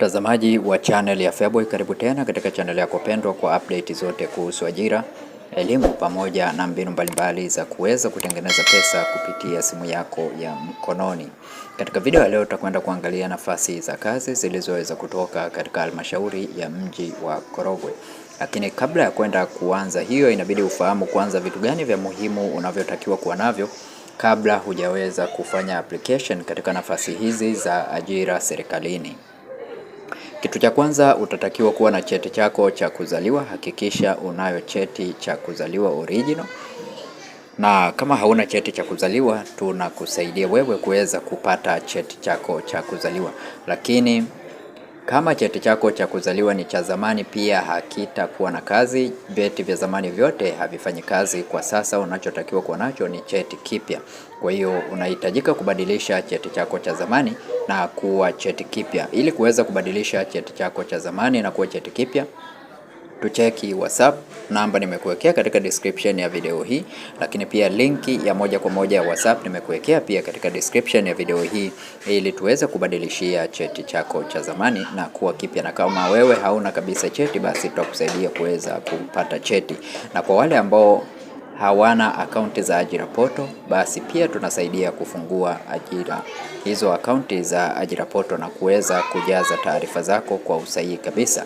Mtazamaji wa channel ya Feaboy, karibu tena katika channel yako pendwa kwa update zote kuhusu ajira, elimu pamoja na mbinu mbalimbali za kuweza kutengeneza pesa kupitia simu yako ya mkononi. Katika video ya leo tutakwenda kuangalia nafasi za kazi zilizoweza kutoka katika halmashauri ya mji wa Korogwe. Lakini kabla ya kwenda kuanza hiyo, inabidi ufahamu kwanza vitu gani vya muhimu unavyotakiwa kuwa navyo kabla hujaweza kufanya application katika nafasi hizi za ajira serikalini. Kitu cha kwanza utatakiwa kuwa na cheti chako cha kuzaliwa. Hakikisha unayo cheti cha kuzaliwa original, na kama hauna cheti cha kuzaliwa tunakusaidia wewe kuweza kupata cheti chako cha kuzaliwa, lakini kama cheti chako cha kuzaliwa ni cha zamani, pia hakitakuwa na kazi. Vyeti vya zamani vyote havifanyi kazi kwa sasa. Unachotakiwa kuwa nacho ni cheti kipya. Kwa hiyo unahitajika kubadilisha cheti chako cha zamani na kuwa cheti kipya. Ili kuweza kubadilisha cheti chako cha zamani na kuwa cheti kipya, tucheki WhatsApp namba nimekuwekea katika description ya video hii, lakini pia linki ya moja kwa moja ya WhatsApp nimekuwekea pia katika description ya video hii, ili tuweze kubadilishia cheti chako cha zamani na kuwa kipya. Na kama wewe hauna kabisa cheti, basi tutakusaidia kuweza kupata cheti, na kwa wale ambao hawana akaunti za ajira poto, basi pia tunasaidia kufungua ajira hizo akaunti za ajira poto na kuweza kujaza taarifa zako kwa usahihi kabisa.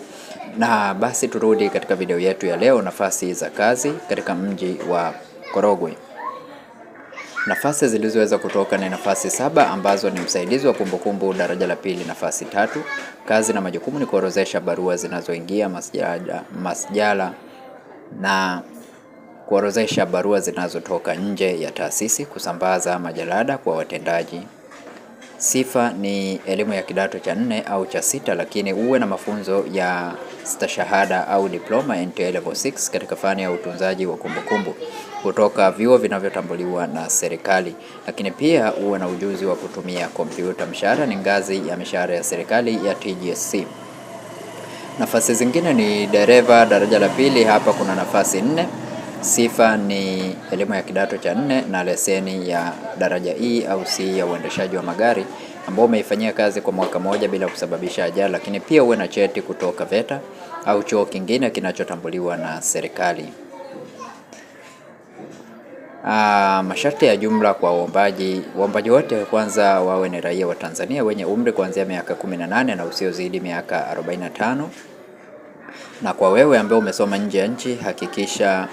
Na basi turudi katika video yetu ya leo, nafasi za kazi katika mji wa Korogwe. Nafasi zilizoweza kutoka ni nafasi saba ambazo ni msaidizi wa kumbukumbu daraja la pili nafasi tatu. Kazi na majukumu ni kuorozesha barua zinazoingia masjala, masjala na kuorozesha barua zinazotoka nje ya taasisi, kusambaza majalada kwa watendaji. Sifa ni elimu ya kidato cha nne au cha sita, lakini uwe na mafunzo ya stashahada au diploma NTA level 6 katika fani ya utunzaji wa kumbukumbu kutoka vyuo vinavyotambuliwa na serikali, lakini pia uwe na ujuzi wa kutumia kompyuta. Mshahara ni ngazi ya mishahara ya serikali ya TGSC. Nafasi zingine ni dereva daraja la pili. Hapa kuna nafasi nne. Sifa ni elimu ya kidato cha nne na leseni ya daraja E au C ya uendeshaji wa magari ambao umeifanyia kazi kwa mwaka moja bila kusababisha ajali, lakini pia uwe na cheti kutoka VETA au chuo kingine kinachotambuliwa na serikali. Aa, ah, masharti ya jumla kwa waombaji. Waombaji wote kwanza wawe ni raia wa Tanzania wenye umri kuanzia miaka 18 na usiozidi miaka 45, na kwa wewe ambaye umesoma nje ya nchi hakikisha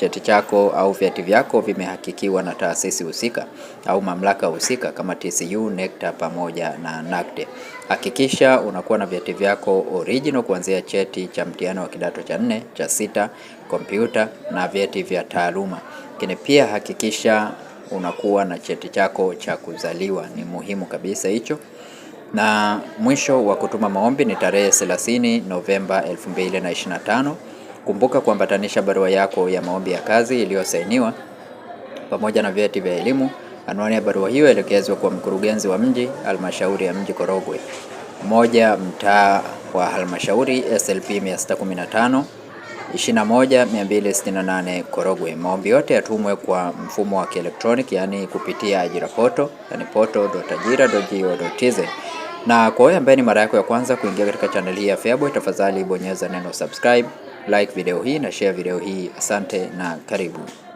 cheti chako au vyeti vyako vimehakikiwa na taasisi husika au mamlaka husika kama TCU, NECTA pamoja na NACTE. Hakikisha unakuwa na vyeti vyako original kuanzia cheti cha mtihani wa kidato cha nne, cha sita, kompyuta na vyeti vya taaluma. Lakini pia hakikisha unakuwa na cheti chako cha kuzaliwa, ni muhimu kabisa hicho. Na mwisho wa kutuma maombi ni tarehe 30 Novemba 2025. Kumbuka kuambatanisha barua yako ya maombi ya kazi iliyosainiwa pamoja na vyeti vya elimu. Anwani ya barua hiyo elekezwe kwa mkurugenzi wa mji, halmashauri ya mji Korogwe, moja, mtaa wa halmashauri, SLP 615 21268 Korogwe. Maombi yote yatumwe kwa mfumo wa kielektroniki yaani kupitia ajira poto, yani poto.ajira.go.tz. Na kwa wewe ambaye ni mara yako ya kwanza kuingia katika channel hii ya Feaboy, tafadhali bonyeza neno subscribe like video hii na share video hii. Asante na karibu.